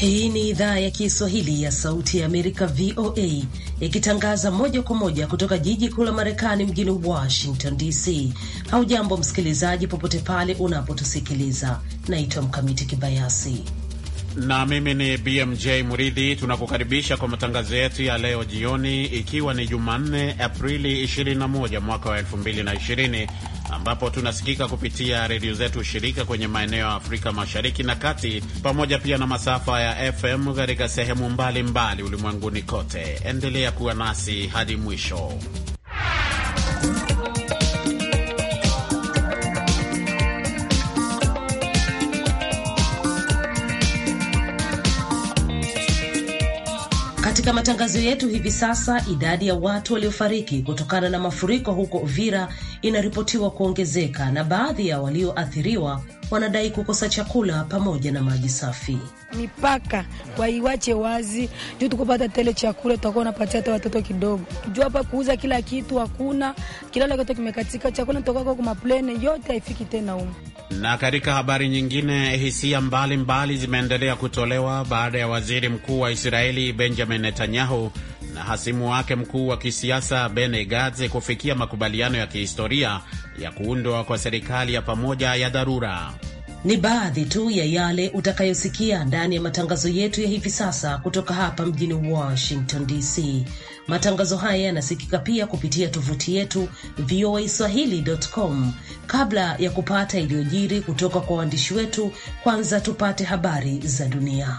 Hii ni idhaa ya Kiswahili ya Sauti ya Amerika, VOA, ikitangaza moja kwa moja kutoka jiji kuu la Marekani, mjini Washington DC. Haujambo msikilizaji, popote pale unapotusikiliza. Naitwa Mkamiti Kibayasi na mimi ni BMJ Muridhi. Tunakukaribisha kwa matangazo yetu ya leo jioni, ikiwa ni Jumanne, Aprili 21 mwaka wa 2020 ambapo tunasikika kupitia redio zetu shirika kwenye maeneo ya Afrika Mashariki na Kati, pamoja pia na masafa ya FM katika sehemu mbalimbali ulimwenguni kote. Endelea kuwa nasi hadi mwisho. Katika matangazo yetu hivi sasa, idadi ya watu waliofariki kutokana na mafuriko huko Uvira inaripotiwa kuongezeka na baadhi ya walioathiriwa wanadai kukosa chakula pamoja na maji safi mipaka waiwache wazi, juu tukupata tele chakula tutakuwa napatia hata watoto kidogo, juu hapa kuuza kila kitu hakuna, kila kitu kimekatika, chakula tutakuwa kwa maplane yote haifiki tena huko. Na katika habari nyingine, hisia mbalimbali zimeendelea kutolewa baada ya waziri mkuu wa Israeli Benjamin Netanyahu na hasimu wake mkuu wa kisiasa Benny Gantz kufikia makubaliano ya kihistoria ya kuundwa kwa serikali ya pamoja ya dharura. Ni baadhi tu ya yale utakayosikia ndani ya matangazo yetu ya hivi sasa kutoka hapa mjini Washington DC. Matangazo haya yanasikika pia kupitia tovuti yetu voa swahili.com. Kabla ya kupata iliyojiri kutoka kwa waandishi wetu, kwanza tupate habari za dunia.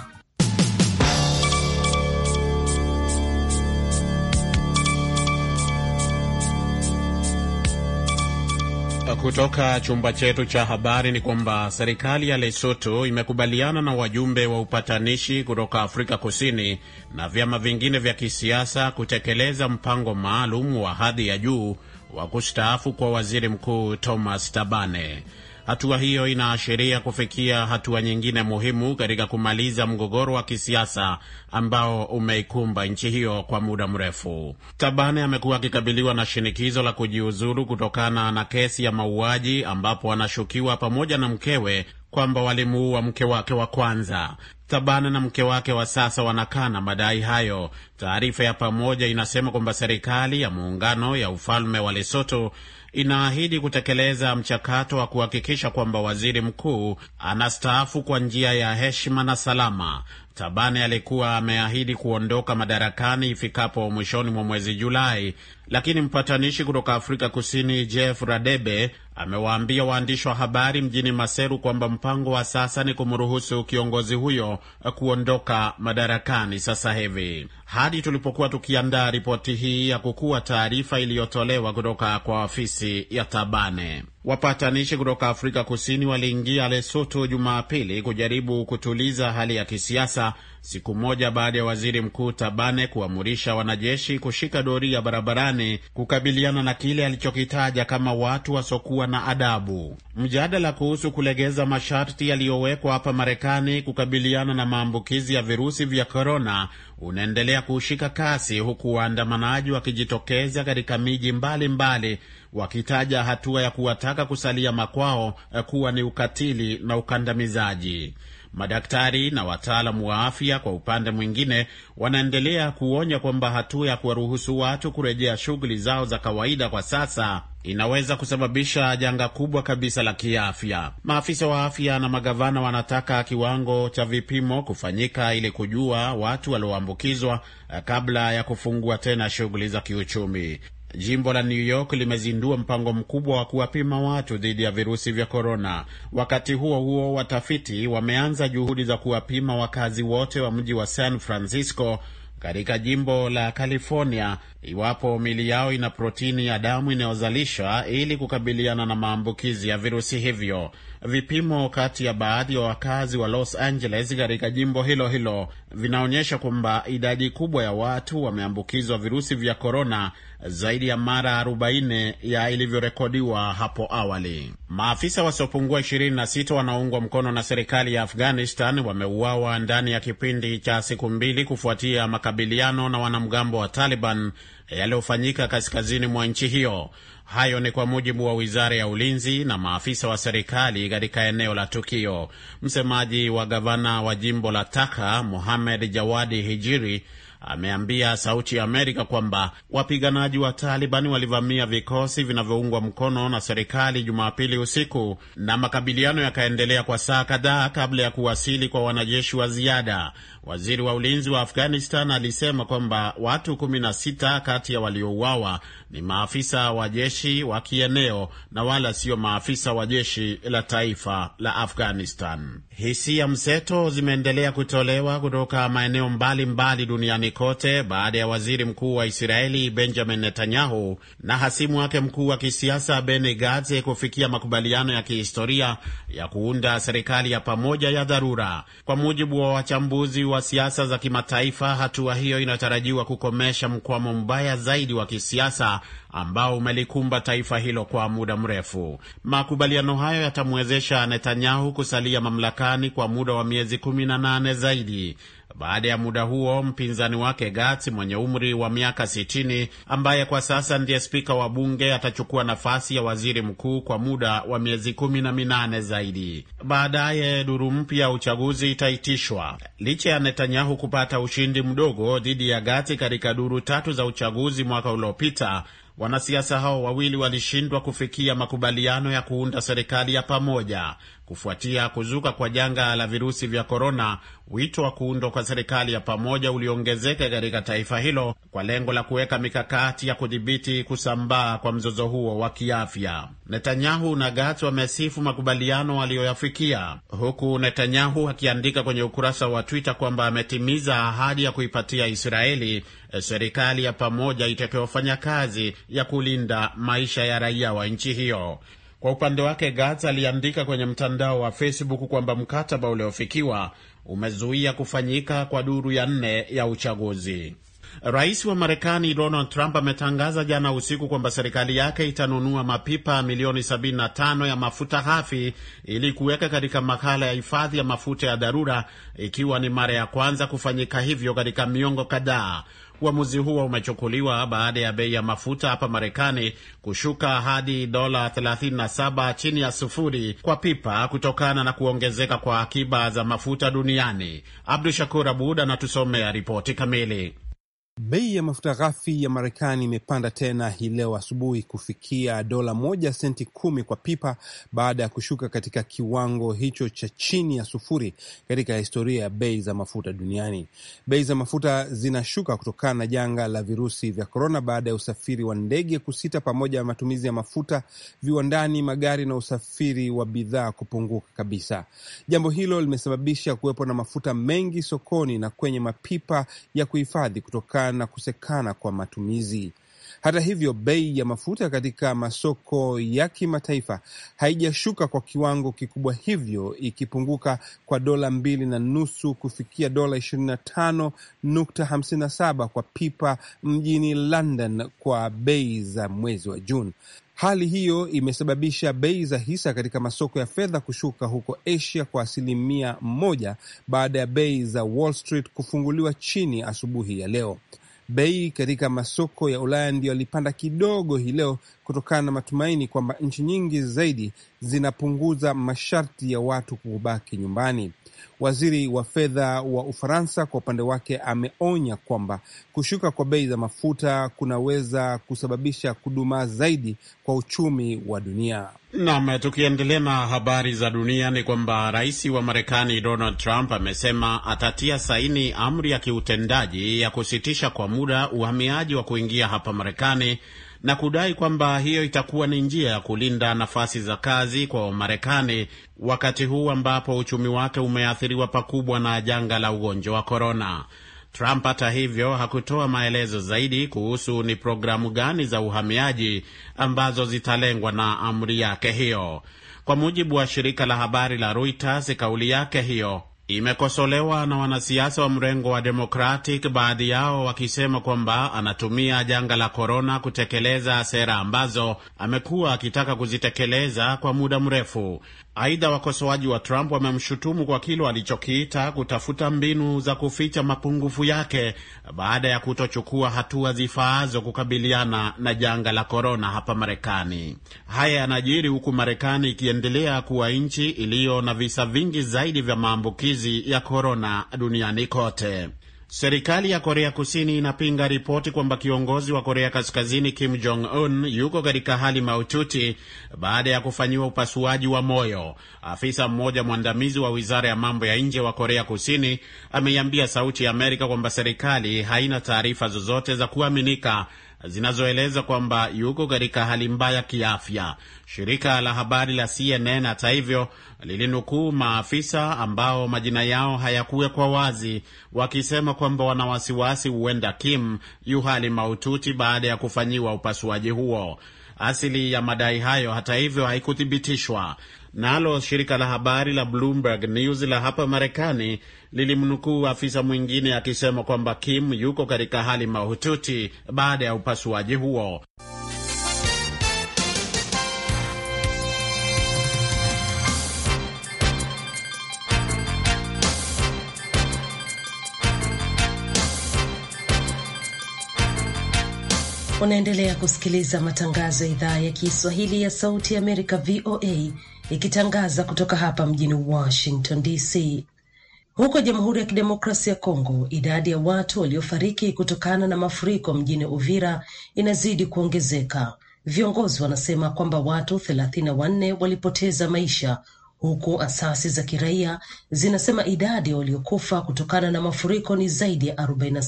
Uh, kutoka chumba chetu cha habari ni kwamba serikali ya Lesotho imekubaliana na wajumbe wa upatanishi kutoka Afrika Kusini na vyama vingine vya kisiasa kutekeleza mpango maalum wa hadhi ya juu wa kustaafu kwa waziri mkuu Thomas Tabane. Hatua hiyo inaashiria kufikia hatua nyingine muhimu katika kumaliza mgogoro wa kisiasa ambao umeikumba nchi hiyo kwa muda mrefu. Tabane amekuwa akikabiliwa na shinikizo la kujiuzulu kutokana na kesi ya mauaji ambapo anashukiwa pamoja na mkewe kwamba walimuua mke wake wa kwanza. Tabana na mke wake wa sasa na madai hayo. Taarifa ya pamoja inasema kwamba serikali ya muungano ya ufalme wa lesoto inaahidi kutekeleza mchakato wa kuhakikisha kwamba waziri mkuu anastaafu kwa njia ya heshima na salama. Tabane alikuwa ameahidi kuondoka madarakani ifikapo mwishoni mwa mwezi Julai, lakini mpatanishi kutoka Afrika Kusini Jeff Radebe amewaambia waandishi wa habari mjini Maseru kwamba mpango wa sasa ni kumruhusu kiongozi huyo kuondoka madarakani sasa hivi hadi tulipokuwa tukiandaa ripoti hii ya kukua, taarifa iliyotolewa kutoka kwa ofisi ya Tabane. Wapatanishi kutoka Afrika Kusini waliingia Lesotho Jumapili kujaribu kutuliza hali ya kisiasa, siku moja baada ya waziri mkuu Tabane kuamurisha wanajeshi kushika doria barabarani kukabiliana na kile alichokitaja kama watu wasiokuwa na adabu. Mjadala kuhusu kulegeza masharti yaliyowekwa hapa Marekani kukabiliana na maambukizi ya virusi vya korona unaendelea kushika kasi huku waandamanaji wakijitokeza katika miji mbalimbali wakitaja hatua ya kuwataka kusalia makwao eh, kuwa ni ukatili na ukandamizaji. Madaktari na wataalamu wa afya kwa upande mwingine, wanaendelea kuonya kwamba hatua ya kuwaruhusu watu kurejea shughuli zao za kawaida kwa sasa inaweza kusababisha janga kubwa kabisa la kiafya. Maafisa wa afya na magavana wanataka kiwango cha vipimo kufanyika ili kujua watu walioambukizwa eh, kabla ya kufungua tena shughuli za kiuchumi. Jimbo la New York limezindua mpango mkubwa wa kuwapima watu dhidi ya virusi vya korona. Wakati huo huo, watafiti wameanza juhudi za kuwapima wakazi wote wa mji wa San Francisco katika jimbo la California iwapo mili yao ina protini ya damu inayozalishwa ili kukabiliana na maambukizi ya virusi hivyo. Vipimo kati ya baadhi ya wa wakazi wa Los Angeles katika jimbo hilo hilo vinaonyesha kwamba idadi kubwa ya watu wameambukizwa virusi vya korona zaidi ya mara 40 ya ilivyorekodiwa hapo awali. Maafisa wasiopungua 26 wanaoungwa mkono na serikali ya Afghanistan wameuawa ndani ya kipindi cha siku mbili kufuatia makabiliano na wanamgambo wa Taliban yaliyofanyika kaskazini mwa nchi hiyo. Hayo ni kwa mujibu wa wizara ya ulinzi na maafisa wa serikali katika eneo la tukio. Msemaji wa gavana wa jimbo la Taka, muhamed Jawadi Hijiri, ameambia Sauti ya Amerika kwamba wapiganaji wa taliban walivamia vikosi vinavyoungwa mkono na serikali Jumapili usiku na makabiliano yakaendelea kwa saa kadhaa kabla ya kuwasili kwa wanajeshi wa ziada. Waziri wa ulinzi wa Afghanistan alisema kwamba watu 16 kati ya waliouawa ni maafisa wa jeshi wa kieneo na wala sio maafisa wa jeshi la taifa la Afghanistan. Hisia mseto zimeendelea kutolewa kutoka maeneo mbalimbali mbali duniani kote baada ya waziri mkuu wa Israeli Benjamin Netanyahu na hasimu wake mkuu wa kisiasa Beni Gantz kufikia makubaliano ya kihistoria ya kuunda serikali ya pamoja ya dharura. Kwa mujibu wa wachambuzi wa siasa za kimataifa, hatua hiyo inatarajiwa kukomesha mkwamo mbaya zaidi wa kisiasa ambao umelikumba taifa hilo kwa muda mrefu. Makubaliano hayo yatamwezesha Netanyahu kusalia mamlakani kwa muda wa miezi kumi na nane zaidi baada ya muda huo, mpinzani wake Gats mwenye umri wa miaka 60 ambaye kwa sasa ndiye spika wa bunge atachukua nafasi ya waziri mkuu kwa muda wa miezi kumi na minane zaidi. Baadaye duru mpya ya uchaguzi itaitishwa. Licha ya Netanyahu kupata ushindi mdogo dhidi ya Gats katika duru tatu za uchaguzi mwaka uliopita Wanasiasa hao wawili walishindwa kufikia makubaliano ya kuunda serikali ya pamoja kufuatia kuzuka kwa janga la virusi vya korona. Wito wa kuundwa kwa serikali ya pamoja uliongezeka katika taifa hilo kwa lengo la kuweka mikakati ya kudhibiti kusambaa kwa mzozo huo wa kiafya. Netanyahu na Gats wamesifu makubaliano aliyoyafikia huku Netanyahu akiandika kwenye ukurasa wa Twitter kwamba ametimiza ahadi ya kuipatia Israeli serikali ya pamoja itakayofanya kazi ya kulinda maisha ya raia wa nchi hiyo. Kwa upande wake, Gatz aliandika kwenye mtandao wa Facebook kwamba mkataba uliofikiwa umezuia kufanyika kwa duru ya nne ya uchaguzi. Rais wa Marekani Donald Trump ametangaza jana usiku kwamba serikali yake itanunua mapipa milioni 75 ya mafuta ghafi ili kuweka katika makala ya hifadhi ya mafuta ya dharura, ikiwa ni mara ya kwanza kufanyika hivyo katika miongo kadhaa, Uamuzi huo umechukuliwa baada ya bei ya mafuta hapa Marekani kushuka hadi dola 37 chini ya sufuri kwa pipa kutokana na kuongezeka kwa akiba za mafuta duniani. Abdu Shakur Abud anatusomea ripoti kamili. Bei ya mafuta ghafi ya Marekani imepanda tena hii leo asubuhi kufikia dola moja senti kumi kwa pipa baada ya kushuka katika kiwango hicho cha chini ya sufuri katika historia ya bei za mafuta duniani. Bei za mafuta zinashuka kutokana na janga la virusi vya korona baada ya usafiri wa ndege kusita, pamoja na matumizi ya mafuta viwandani, magari na usafiri wa bidhaa kupunguka kabisa. Jambo hilo limesababisha kuwepo na mafuta mengi sokoni na kwenye mapipa ya kuhifadhi kutokana kutokana na kusekana kwa matumizi. Hata hivyo, bei ya mafuta katika masoko ya kimataifa haijashuka kwa kiwango kikubwa, hivyo ikipunguka kwa dola mbili na nusu kufikia dola ishirini na tano nukta hamsini na saba kwa pipa mjini London kwa bei za mwezi wa Juni. Hali hiyo imesababisha bei za hisa katika masoko ya fedha kushuka huko Asia kwa asilimia moja baada ya bei za Wall Street kufunguliwa chini asubuhi ya leo. Bei katika masoko ya Ulaya ndio yalipanda kidogo hii leo kutokana na matumaini kwamba nchi nyingi zaidi zinapunguza masharti ya watu kubaki nyumbani. Waziri wa fedha wa Ufaransa kwa upande wake ameonya kwamba kushuka kwa bei za mafuta kunaweza kusababisha kudumaa zaidi kwa uchumi wa dunia. Nam, tukiendelea na habari za dunia ni kwamba rais wa Marekani Donald Trump amesema atatia saini amri ya kiutendaji ya kusitisha kwa muda uhamiaji wa kuingia hapa Marekani na kudai kwamba hiyo itakuwa ni njia ya kulinda nafasi za kazi kwa Wamarekani wakati huu ambapo uchumi wake umeathiriwa pakubwa na janga la ugonjwa wa korona. Trump hata hivyo hakutoa maelezo zaidi kuhusu ni programu gani za uhamiaji ambazo zitalengwa na amri yake hiyo. Kwa mujibu wa shirika la habari la Reuters, kauli yake hiyo imekosolewa na wanasiasa wa mrengo wa Democratic, baadhi yao wakisema kwamba anatumia janga la korona kutekeleza sera ambazo amekuwa akitaka kuzitekeleza kwa muda mrefu. Aidha, wakosoaji wa Trump wamemshutumu kwa kile alichokiita kutafuta mbinu za kuficha mapungufu yake baada ya kutochukua hatua zifaazo kukabiliana na janga la korona hapa Marekani. Haya yanajiri huku Marekani ikiendelea kuwa nchi iliyo na visa vingi zaidi vya maambukizi ya korona duniani kote. Serikali ya Korea Kusini inapinga ripoti kwamba kiongozi wa Korea Kaskazini Kim Jong Un yuko katika hali mahututi baada ya kufanyiwa upasuaji wa moyo. Afisa mmoja mwandamizi wa wizara ya mambo ya nje wa Korea Kusini ameiambia Sauti ya Amerika kwamba serikali haina taarifa zozote za kuaminika zinazoeleza kwamba yuko katika hali mbaya kiafya. Shirika la habari la CNN hata hivyo lilinukuu maafisa ambao majina yao hayakuwekwa wazi wakisema kwamba wana wasiwasi huenda Kim yu hali mahututi baada ya kufanyiwa upasuaji huo. Asili ya madai hayo hata hivyo haikuthibitishwa. Nalo na shirika la habari la Bloomberg News la hapa Marekani lilimnukuu afisa mwingine akisema kwamba Kim yuko katika hali mahututi baada ya upasuaji huo. Unaendelea kusikiliza matangazo ya idhaa ya Kiswahili ya Sauti ya Amerika, VOA, ikitangaza kutoka hapa mjini Washington DC. Huko Jamhuri ya Kidemokrasi ya Kongo, idadi ya watu waliofariki kutokana na mafuriko mjini Uvira inazidi kuongezeka. Viongozi wanasema kwamba watu thelathini na wanne walipoteza maisha, huku asasi za kiraia zinasema idadi waliokufa kutokana na mafuriko ni zaidi ya arobaini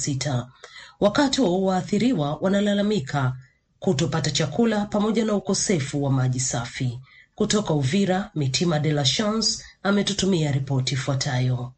wakati waathiriwa wanalalamika kutopata chakula pamoja na ukosefu wa maji safi. Kutoka Uvira, Mitima de la Chance ametutumia ripoti ifuatayo.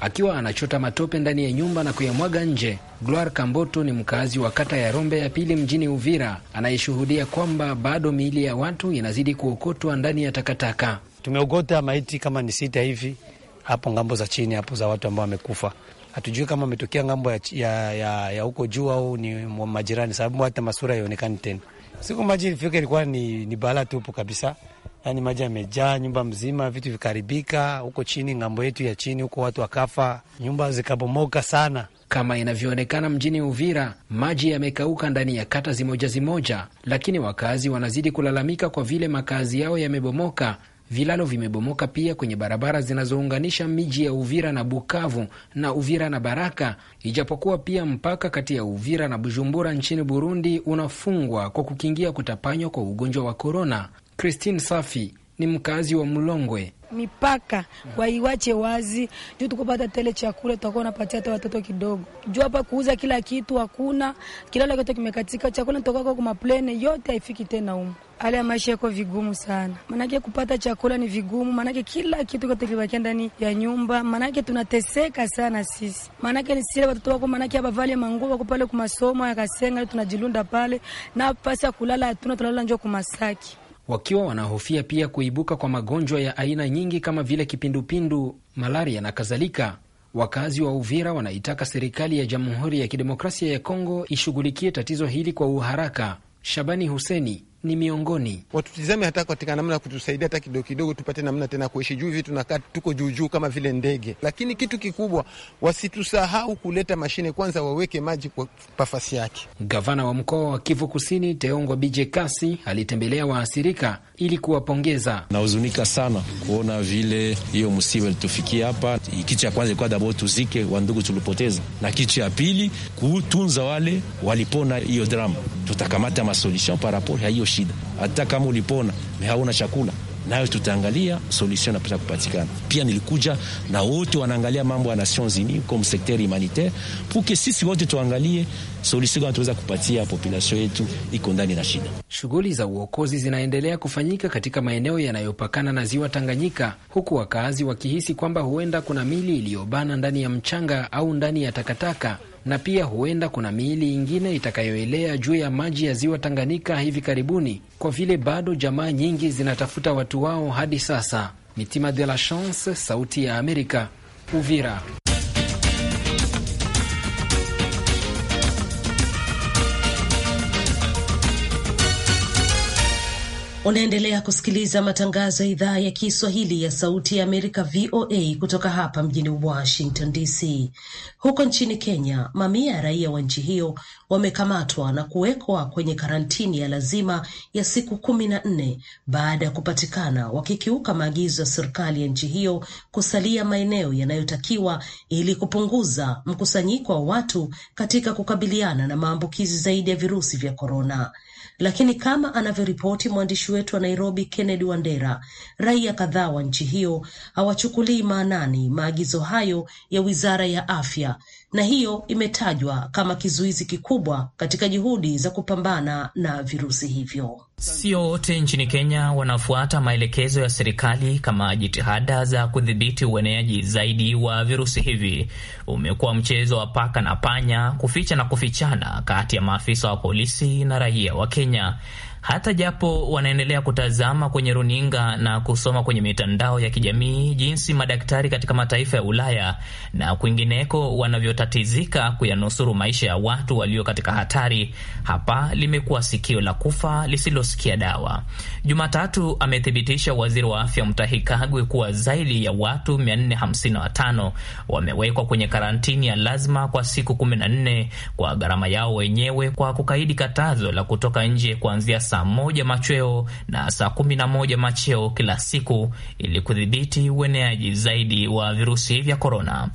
Akiwa anachota matope ndani ya nyumba na kuyamwaga nje, Gloire Kamboto ni mkaazi wa kata ya Rombe ya pili mjini Uvira, anayeshuhudia kwamba bado miili ya watu inazidi kuokotwa ndani ya takataka. Tumeogota maiti kama ni sita hivi hapo ngambo za chini hapo za watu ambao wamekufa hatujui kama ametokea ngambo ya huko ya, ya, huko juu au ni majirani, sababu hata masura haionekani tena. Siku maji ilifika ilikuwa ni, ni bala tupu kabisa, yani maji yamejaa nyumba mzima, vitu vikaribika huko chini, ngambo yetu ya chini huko, watu wakafa, nyumba zikabomoka sana. Kama inavyoonekana mjini Uvira, maji yamekauka ndani ya kata zimoja zimoja, lakini wakazi wanazidi kulalamika kwa vile makazi yao yamebomoka Vilalo vimebomoka pia kwenye barabara zinazounganisha miji ya Uvira na Bukavu na Uvira na Baraka, ijapokuwa pia mpaka kati ya Uvira na Bujumbura nchini Burundi unafungwa kwa kukingia kutapanywa kwa ugonjwa wa korona. Christine Safi ni mkazi wa Mlongwe. Mipaka waiwache wazi, juu tukupata tele chakula tutakuwa napatia hata watoto kidogo, juu hapa kuuza kila kitu hakuna, kila kitu kimekatika, chakula toka kwa maplene yote haifiki tena huko. Hali ya maisha yako vigumu sana, manake kupata chakula ni vigumu, manake kila kitu kote kibakia ndani ya nyumba, manake tunateseka sana sisi, manake ni sile watoto wako, manake abavali manguo wako pale kumasomo ya Kasenga, tunajilunda pale na pasi ya kulala hatuna, tunalala njo kumasaki wakiwa wanahofia pia kuibuka kwa magonjwa ya aina nyingi kama vile kipindupindu, malaria na kadhalika. Wakazi wa Uvira wanaitaka serikali ya Jamhuri ya Kidemokrasia ya Kongo ishughulikie tatizo hili kwa uharaka. Shabani Huseni, ni miongoni watutizame hata katika namna ya kutusaidia hata kidogo kidogo, tupate namna tena kuishi juu. Hivi tunakaa tuko juu juu kama vile ndege, lakini kitu kikubwa wasitusahau kuleta mashine kwanza, waweke maji kwa pafasi yake. Gavana wa mkoa wa Kivu Kusini Teongwa Bije Kasi alitembelea waathirika ili kuwapongeza. Nahuzunika sana kuona vile hiyo msiba ilitufikia hapa. Kitu cha kwanza ilikuwa dabo tuzike wandugu tulipoteza, na kitu cha pili kutunza wale walipona hiyo drama. Tutakamata masolution parapor ya hiyo shida, hata kama ulipona hauna chakula nayo tutaangalia solution napesa kupatikana. Pia nilikuja na wote wanaangalia mambo ya Nations Unies comme secteur humanitaire pour que sisi wote tuangalie solution gani tunaweza kupatia population yetu iko ndani na shida. Shughuli za uokozi zinaendelea kufanyika katika maeneo yanayopakana na ziwa Tanganyika, huku wakaazi wakihisi kwamba huenda kuna mili iliyobana ndani ya mchanga au ndani ya takataka na pia huenda kuna miili ingine itakayoelea juu ya maji ya ziwa Tanganyika hivi karibuni, kwa vile bado jamaa nyingi zinatafuta watu wao hadi sasa. Mitima de la Chance, Sauti ya Amerika, Uvira. Unaendelea kusikiliza matangazo ya idhaa ya Kiswahili ya Sauti ya Amerika, VOA, kutoka hapa mjini Washington DC. Huko nchini Kenya, mamia ya raia wa nchi hiyo wamekamatwa na kuwekwa kwenye karantini ya lazima ya siku kumi na nne baada ya kupatikana wakikiuka maagizo ya serikali ya nchi hiyo kusalia maeneo yanayotakiwa ili kupunguza mkusanyiko wa watu katika kukabiliana na maambukizi zaidi ya virusi vya korona. Lakini kama anavyoripoti mwandishi wetu wa Nairobi, Kennedy Wandera, raia kadhaa wa nchi hiyo hawachukulii maanani maagizo hayo ya wizara ya afya na hiyo imetajwa kama kizuizi kikubwa katika juhudi za kupambana na virusi hivyo. Sio wote nchini Kenya wanafuata maelekezo ya serikali kama jitihada za kudhibiti ueneaji zaidi wa virusi hivi. Umekuwa mchezo wa paka na panya, kuficha na kufichana kati ya maafisa wa polisi na raia wa Kenya hata japo wanaendelea kutazama kwenye runinga na kusoma kwenye mitandao ya kijamii jinsi madaktari katika mataifa ya Ulaya na kwingineko wanavyotatizika kuyanusuru maisha ya watu walio katika hatari, hapa limekuwa sikio la kufa lisilosikia dawa. Jumatatu amethibitisha waziri wa afya Mutahi Kagwe kuwa zaidi ya watu 455 wamewekwa kwenye karantini ya lazima kwa siku 14 kwa gharama yao wenyewe kwa kukaidi katazo la kutoka nje kuanzia saa moja machweo na saa kumi na moja macheo kila siku ili kudhibiti ueneaji zaidi wa virusi vya korona.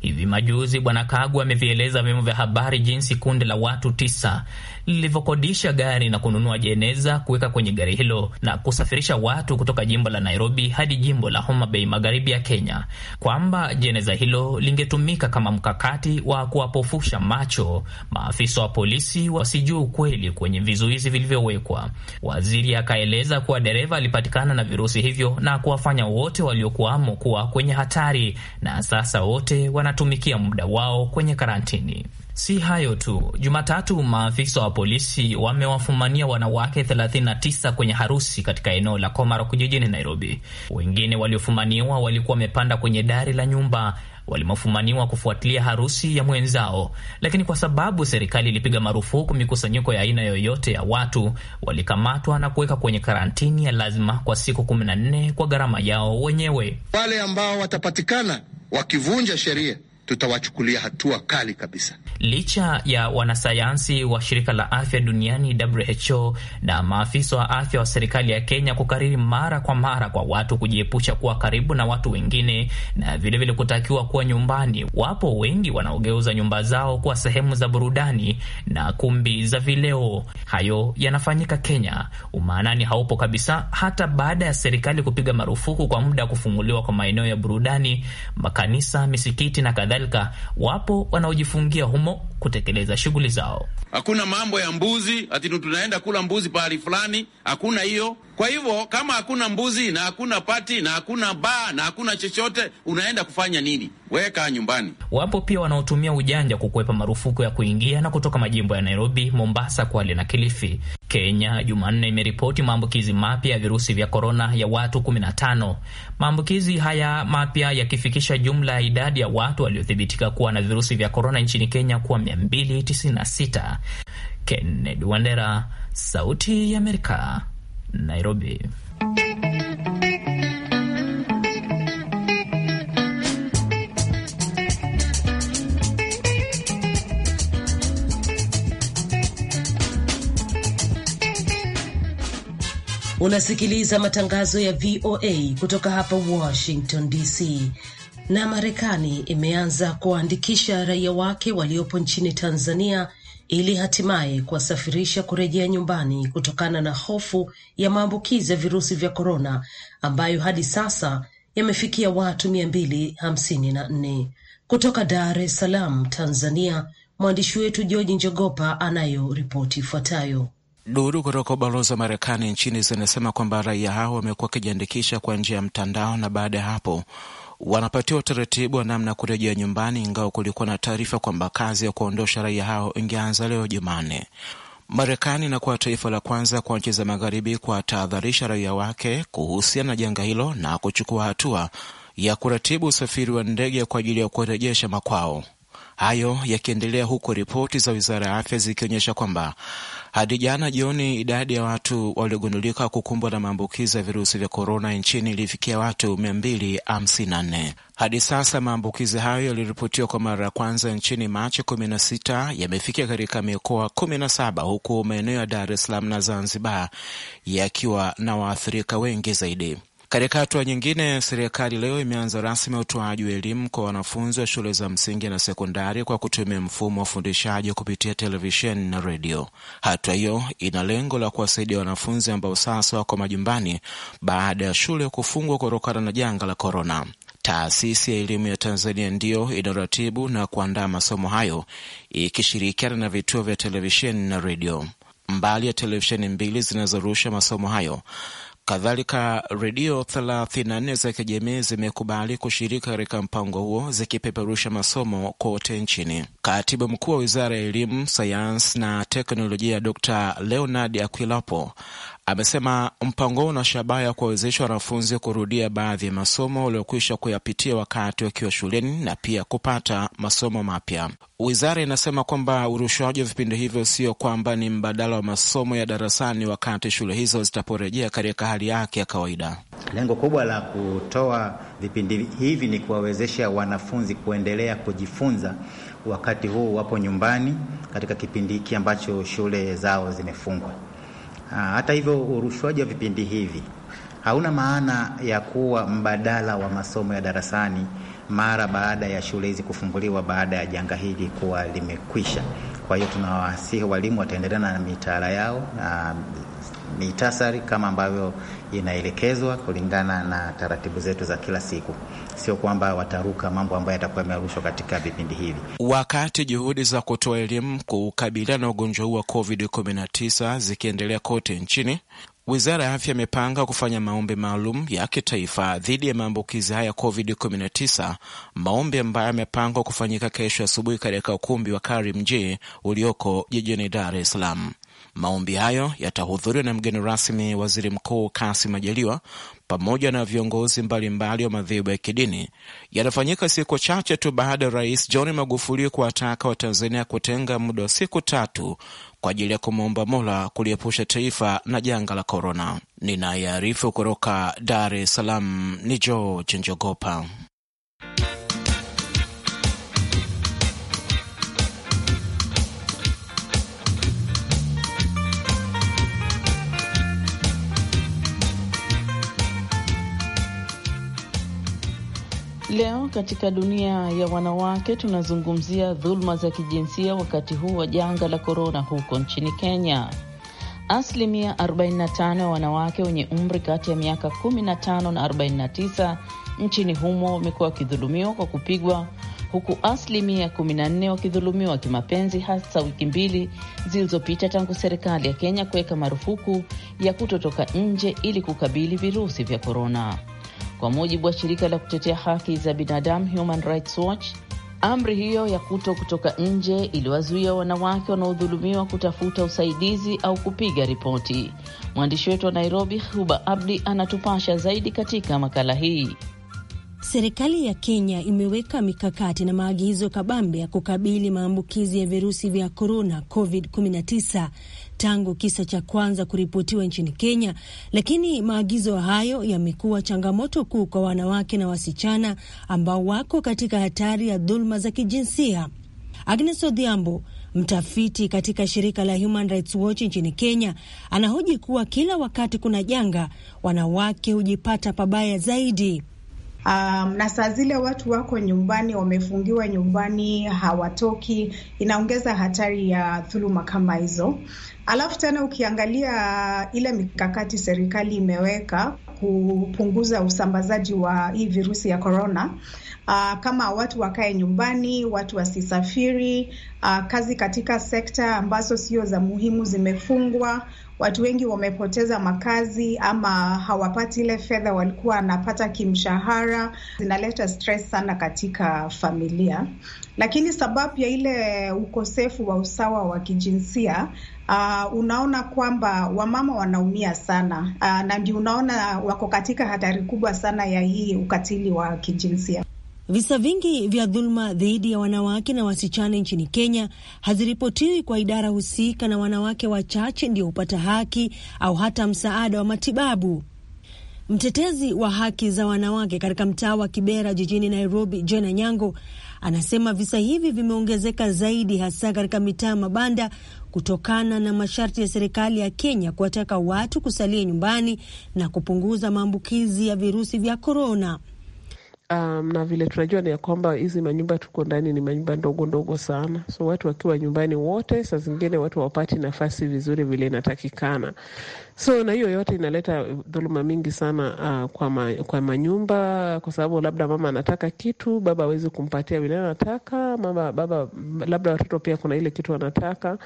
Hivi majuzi Bwana Kagwe amevieleza vyombo vya habari jinsi kundi la watu tisa lilivyokodisha gari na kununua jeneza kuweka kwenye gari hilo na kusafirisha watu kutoka jimbo la Nairobi hadi jimbo la Homa Bay magharibi ya Kenya, kwamba jeneza hilo lingetumika kama mkakati wa kuwapofusha macho maafisa wa polisi wasijue ukweli kwenye vizuizi vilivyowekwa. Waziri akaeleza kuwa dereva alipatikana na virusi hivyo na kuwafanya wote waliokuwamo kuwa kwenye hatari, na sasa wote wanatumikia muda wao kwenye karantini. Si hayo tu, Jumatatu maafisa wa polisi wamewafumania wanawake 39 kwenye harusi katika eneo la Komarok jijini Nairobi. Wengine waliofumaniwa walikuwa wamepanda kwenye dari la nyumba walimofumaniwa kufuatilia harusi ya mwenzao, lakini kwa sababu serikali ilipiga marufuku mikusanyiko ya aina yoyote ya watu, walikamatwa na kuweka kwenye karantini ya lazima kwa siku 14 kwa gharama yao wenyewe. Wale ambao watapatikana wakivunja sheria tutawachukulia hatua kali kabisa. Licha ya wanasayansi wa shirika la afya duniani WHO na maafisa wa afya wa serikali ya Kenya kukariri mara kwa mara kwa watu kujiepusha kuwa karibu na watu wengine na vilevile vile kutakiwa kuwa nyumbani, wapo wengi wanaogeuza nyumba zao kuwa sehemu za burudani na kumbi za vileo. Hayo yanafanyika Kenya, umaanani haupo kabisa, hata baada ya serikali kupiga marufuku kwa muda wa kufunguliwa kwa maeneo ya burudani, makanisa, misikiti na kadhalika kadhalika, wapo wanaojifungia humo kutekeleza shughuli zao. Hakuna mambo ya mbuzi ati tunaenda kula mbuzi pahali fulani, hakuna hiyo. Kwa hivyo kama hakuna mbuzi na hakuna pati na hakuna baa na hakuna chochote, unaenda kufanya nini? Weka nyumbani. Wapo pia wanaotumia ujanja kukwepa marufuku ya kuingia na kutoka majimbo ya Nairobi, Mombasa, Kwale na Kilifi. Kenya Jumanne imeripoti maambukizi mapya ya virusi vya korona ya watu 15, maambukizi haya mapya yakifikisha jumla ya idadi ya watu waliothibitika kuwa na virusi vya korona nchini Kenya kuwa 296. Kennedy Wandera, Sauti ya Amerika, Nairobi. Unasikiliza matangazo ya VOA kutoka hapa Washington DC. Na Marekani imeanza kuwaandikisha raia wake waliopo nchini Tanzania ili hatimaye kuwasafirisha kurejea nyumbani kutokana na hofu ya maambukizi ya virusi vya korona ambayo hadi sasa yamefikia watu 254. Kutoka Dar es Salaam, Tanzania, mwandishi wetu George Njogopa anayo ripoti ifuatayo. Duru kutoka ubalozi wa Marekani nchini zinasema kwamba raia hao wamekuwa wakijiandikisha kwa njia ya mtandao na baada ya hapo wanapatiwa utaratibu wa namna ya kurejea nyumbani, ingawa kulikuwa na taarifa kwamba kazi ya kuondosha raia hao ingeanza leo Jumanne. Marekani inakuwa taifa la kwanza kwa nchi za magharibi kuwatahadharisha raia wake kuhusiana na janga hilo na kuchukua hatua ya kuratibu usafiri wa ndege kwa ajili ya kuwarejesha makwao. Hayo yakiendelea huku ripoti za wizara ya afya zikionyesha kwamba hadi jana jioni idadi ya watu waliogundulika kukumbwa na maambukizi ya virusi vya korona nchini ilifikia watu 254. Hadi sasa maambukizi hayo yaliripotiwa kwa mara ya kwanza nchini Machi 16 yamefikia katika mikoa 17 huku maeneo ya Dar es Salaam na Zanzibar yakiwa na waathirika wengi zaidi. Katika hatua nyingine, serikali leo imeanza rasmi utoaji wa elimu kwa wanafunzi wa shule za msingi na sekondari kwa kutumia mfumo wa ufundishaji kupitia televisheni na redio. Hatua hiyo ina lengo la kuwasaidia wanafunzi ambao sasa wako majumbani baada ya shule kufungwa kutokana na janga la korona. Taasisi ya Elimu ya Tanzania ndiyo inaratibu na kuandaa masomo hayo ikishirikiana na vituo vya televisheni na redio. Mbali ya televisheni mbili zinazorusha masomo hayo, Kadhalika, redio 34 za kijamii zimekubali kushiriki katika mpango huo zikipeperusha masomo kote nchini. Katibu mkuu wa wizara ya elimu, sayansi na teknolojia, Dr Leonard Akwilapo amesema mpango una shabaha ya kuwawezesha wanafunzi kurudia baadhi ya masomo waliokwisha kuyapitia wakati wakiwa shuleni na pia kupata masomo mapya. Wizara inasema kwamba urushwaji wa vipindi hivyo sio kwamba ni mbadala wa masomo ya darasani wakati shule hizo zitaporejea katika hali yake ya kawaida. Lengo kubwa la kutoa vipindi hivi ni kuwawezesha wanafunzi kuendelea kujifunza wakati huu wapo nyumbani, katika kipindi hiki ambacho shule zao zimefungwa. Ah, hata hivyo urushwaji wa vipindi hivi hauna maana ya kuwa mbadala wa masomo ya darasani mara baada ya shule hizi kufunguliwa baada ya janga hili kuwa limekwisha. Kwa hiyo tunawasihi walimu wataendelea na mitaala yao na mitasari kama ambavyo inaelekezwa kulingana na taratibu zetu za kila siku. Sio kwamba wataruka mambo ambayo yatakuwa yamerushwa katika vipindi hivi. Wakati juhudi za kutoa elimu kukabiliana na ugonjwa huu wa COVID-19 zikiendelea kote nchini, Wizara ya Afya imepanga kufanya maombi maalum ya kitaifa dhidi ya maambukizi haya ya COVID-19, maombi ambayo yamepangwa kufanyika kesho asubuhi katika ukumbi wa Karimjee ulioko jijini Dar es Salaam. Maombi hayo yatahudhuriwa na mgeni rasmi Waziri Mkuu Kassim Majaliwa pamoja na viongozi mbalimbali wa madhehebu ya kidini. Yanafanyika siku chache tu baada ya Rais John Magufuli kuwataka Watanzania kutenga muda wa siku tatu kwa ajili ya kumwomba Mola kuliepusha taifa na janga la korona. Ninayearifu kutoka Dar es Salaam ni George Njogopa. Leo katika dunia ya wanawake tunazungumzia dhuluma za kijinsia wakati huu wa janga la korona huko nchini Kenya. Asilimia 45 ya wanawake wenye umri kati ya miaka 15 na 49 nchini humo wamekuwa wakidhulumiwa kwa kupigwa, huku asilimia 14 wakidhulumiwa kimapenzi, hasa wiki mbili zilizopita tangu serikali ya Kenya kuweka marufuku ya kutotoka nje ili kukabili virusi vya korona. Kwa mujibu wa shirika la kutetea haki za binadamu Human Rights Watch, amri hiyo ya kuto kutoka nje iliwazuia wanawake wanaodhulumiwa kutafuta usaidizi au kupiga ripoti. Mwandishi wetu wa Nairobi, Huba Abdi, anatupasha zaidi katika makala hii. Serikali ya Kenya imeweka mikakati na maagizo kabambe ya kukabili maambukizi ya virusi vya korona COVID-19 tangu kisa cha kwanza kuripotiwa nchini Kenya, lakini maagizo hayo yamekuwa changamoto kuu kwa wanawake na wasichana ambao wako katika hatari ya dhuluma za kijinsia. Agnes Odhiambo mtafiti katika shirika la Human Rights Watch nchini Kenya anahoji kuwa kila wakati kuna janga, wanawake hujipata pabaya zaidi. Um, na saa zile watu wako nyumbani, wamefungiwa nyumbani, hawatoki, inaongeza hatari ya dhuluma kama hizo. Alafu tena ukiangalia ile mikakati serikali imeweka kupunguza usambazaji wa hii virusi ya korona, uh, ah, kama watu wakae nyumbani, watu wasisafiri, uh, kazi katika sekta ambazo sio za muhimu zimefungwa, watu wengi wamepoteza makazi ama hawapati ile fedha walikuwa wanapata kimshahara. Zinaleta stress sana katika familia, lakini sababu ya ile ukosefu wa usawa wa kijinsia Uh, unaona kwamba wamama wanaumia sana uh, na ndio unaona wako katika hatari kubwa sana ya hii ukatili wa kijinsia. Visa vingi vya dhuluma dhidi ya wanawake na wasichana nchini Kenya haziripotiwi kwa idara husika, na wanawake wachache ndio hupata haki au hata msaada wa matibabu. Mtetezi wa haki za wanawake katika mtaa wa Kibera jijini Nairobi, Jena Nyango, anasema visa hivi vimeongezeka zaidi hasa katika mitaa mabanda kutokana na masharti ya serikali ya Kenya kuwataka watu kusalia nyumbani na kupunguza maambukizi ya virusi vya korona. Um, na vile tunajua ni ya kwamba hizi manyumba tuko ndani ni manyumba ndogo ndogo sana, so watu wakiwa nyumbani wote, saa zingine watu wapati nafasi vizuri vile inatakikana. So na hiyo yote inaleta dhuluma mingi sana uh, kwa, ma, kwa manyumba, kwa sababu labda mama anataka kitu, baba awezi kumpatia vile anataka mama, baba labda watoto pia kuna ile kitu wanataka,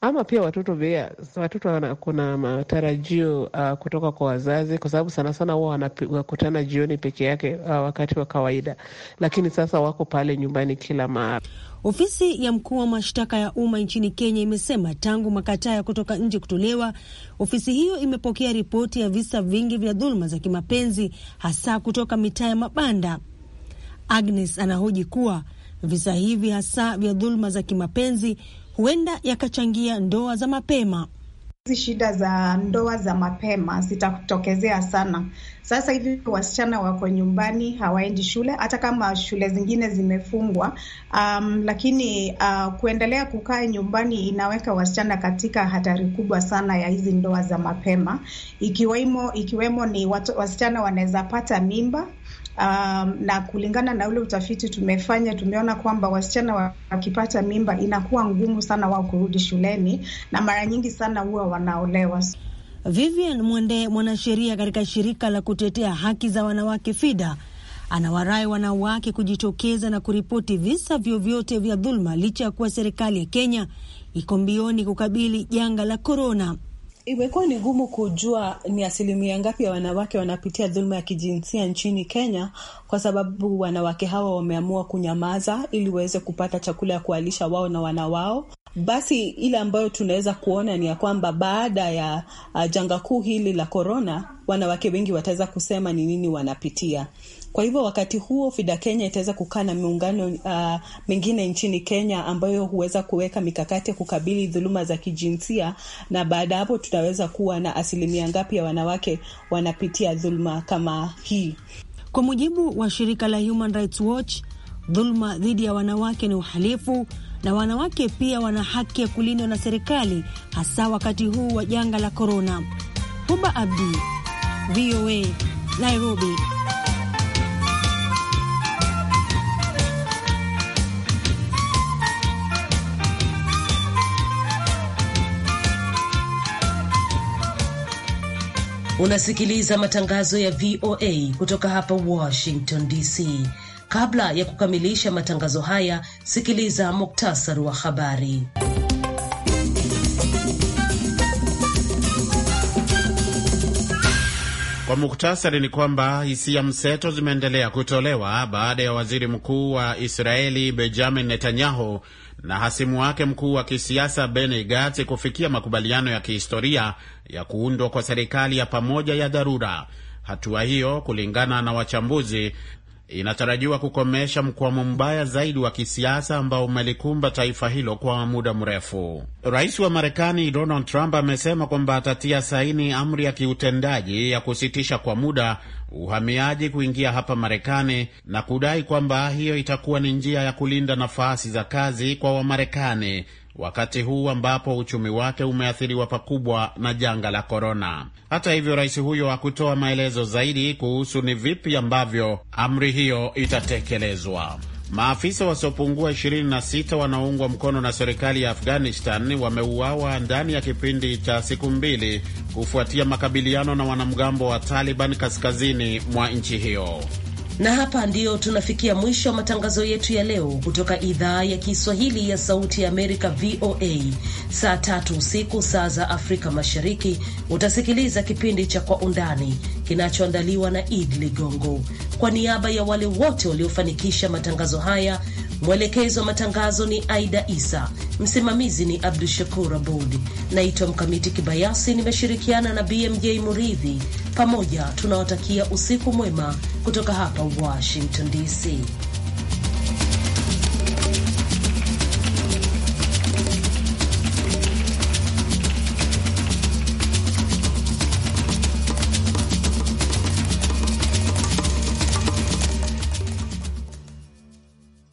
ama pia watoto pia, watoto wana, kuna matarajio uh, kutoka kwa wazazi, kwa sababu sana sana huwa wanakutana jioni peke yake uh, wakati wa kawaida, lakini sasa wako pale nyumbani kila mara. Ofisi ya mkuu wa mashtaka ya umma nchini Kenya imesema tangu makataa ya kutoka nje kutolewa, ofisi hiyo imepokea ripoti ya visa vingi vya dhuluma za kimapenzi, hasa kutoka mitaa ya mabanda. Agnes anahoji kuwa visa hivi hasa vya dhuluma za kimapenzi huenda yakachangia ndoa za mapema hizi shida za ndoa za mapema zitakutokezea sana. Sasa hivi wasichana wako nyumbani, hawaendi shule, hata kama shule zingine zimefungwa. Um, lakini uh, kuendelea kukaa nyumbani inaweka wasichana katika hatari kubwa sana ya hizi ndoa za mapema, ikiwemo ikiwemo ni watu, wasichana wanaweza pata mimba Um, na kulingana na ule utafiti tumefanya, tumeona kwamba wasichana wakipata mimba inakuwa ngumu sana wao kurudi shuleni, na mara nyingi sana huwa wanaolewa. Vivian Mwende, mwanasheria katika shirika la kutetea haki za wanawake FIDA, anawarai wanawake kujitokeza na kuripoti visa vyovyote vya dhuluma licha ya kuwa serikali ya Kenya iko mbioni kukabili janga la korona imekuwa ni gumu kujua ni asilimia ngapi ya wanawake wanapitia dhuluma ya kijinsia nchini Kenya kwa sababu wanawake hawa wameamua kunyamaza ili waweze kupata chakula ya kuwalisha wao na wana wao. Basi ile ambayo tunaweza kuona ni ya kwamba baada ya uh, janga kuu hili la korona, wanawake wengi wataweza kusema ni nini wanapitia. Kwa hivyo wakati huo FIDA Kenya itaweza kukaa na miungano uh, mingine nchini Kenya ambayo huweza kuweka mikakati ya kukabili dhuluma za kijinsia, na baada hapo tutaweza kuwa na asilimia ngapi ya wanawake wanapitia dhuluma kama hii. Kwa mujibu wa shirika la Human Rights Watch, dhuluma dhidi ya wanawake ni uhalifu na wanawake pia wana haki ya kulindwa na serikali, hasa wakati huu wa janga la korona. Huba Abdi, VOA, Nairobi. Unasikiliza matangazo ya VOA kutoka hapa Washington DC. Kabla ya kukamilisha matangazo haya, sikiliza muktasari wa habari. Kwa muktasari ni kwamba hisia mseto zimeendelea kutolewa baada ya waziri mkuu wa Israeli Benjamin Netanyahu na hasimu wake mkuu wa kisiasa Benny Gantz kufikia makubaliano ya kihistoria ya kuundwa kwa serikali ya pamoja ya dharura. Hatua hiyo, kulingana na wachambuzi, inatarajiwa kukomesha mkwamo mbaya zaidi wa kisiasa ambao umelikumba taifa hilo kwa muda mrefu. Rais wa Marekani Donald Trump amesema kwamba atatia saini amri ya kiutendaji ya kusitisha kwa muda uhamiaji kuingia hapa Marekani na kudai kwamba hiyo itakuwa ni njia ya kulinda nafasi za kazi kwa Wamarekani wakati huu ambapo uchumi wake umeathiriwa pakubwa na janga la korona. Hata hivyo, rais huyo hakutoa maelezo zaidi kuhusu ni vipi ambavyo amri hiyo itatekelezwa. Maafisa wasiopungua 26 wanaoungwa mkono na serikali ya Afghanistan wameuawa ndani ya kipindi cha siku mbili kufuatia makabiliano na wanamgambo wa Taliban kaskazini mwa nchi hiyo. Na hapa ndiyo tunafikia mwisho wa matangazo yetu ya leo kutoka idhaa ya Kiswahili ya Sauti ya Amerika, VOA. Saa tatu usiku saa za Afrika Mashariki utasikiliza kipindi cha Kwa Undani kinachoandaliwa na Id Ligongo. Kwa niaba ya wale wote waliofanikisha matangazo haya Mwelekezi wa matangazo ni Aida Isa, msimamizi ni Abdu Shakur Abud. Naitwa Mkamiti Kibayasi, nimeshirikiana na BMJ Muridhi. Pamoja tunawatakia usiku mwema kutoka hapa Washington DC.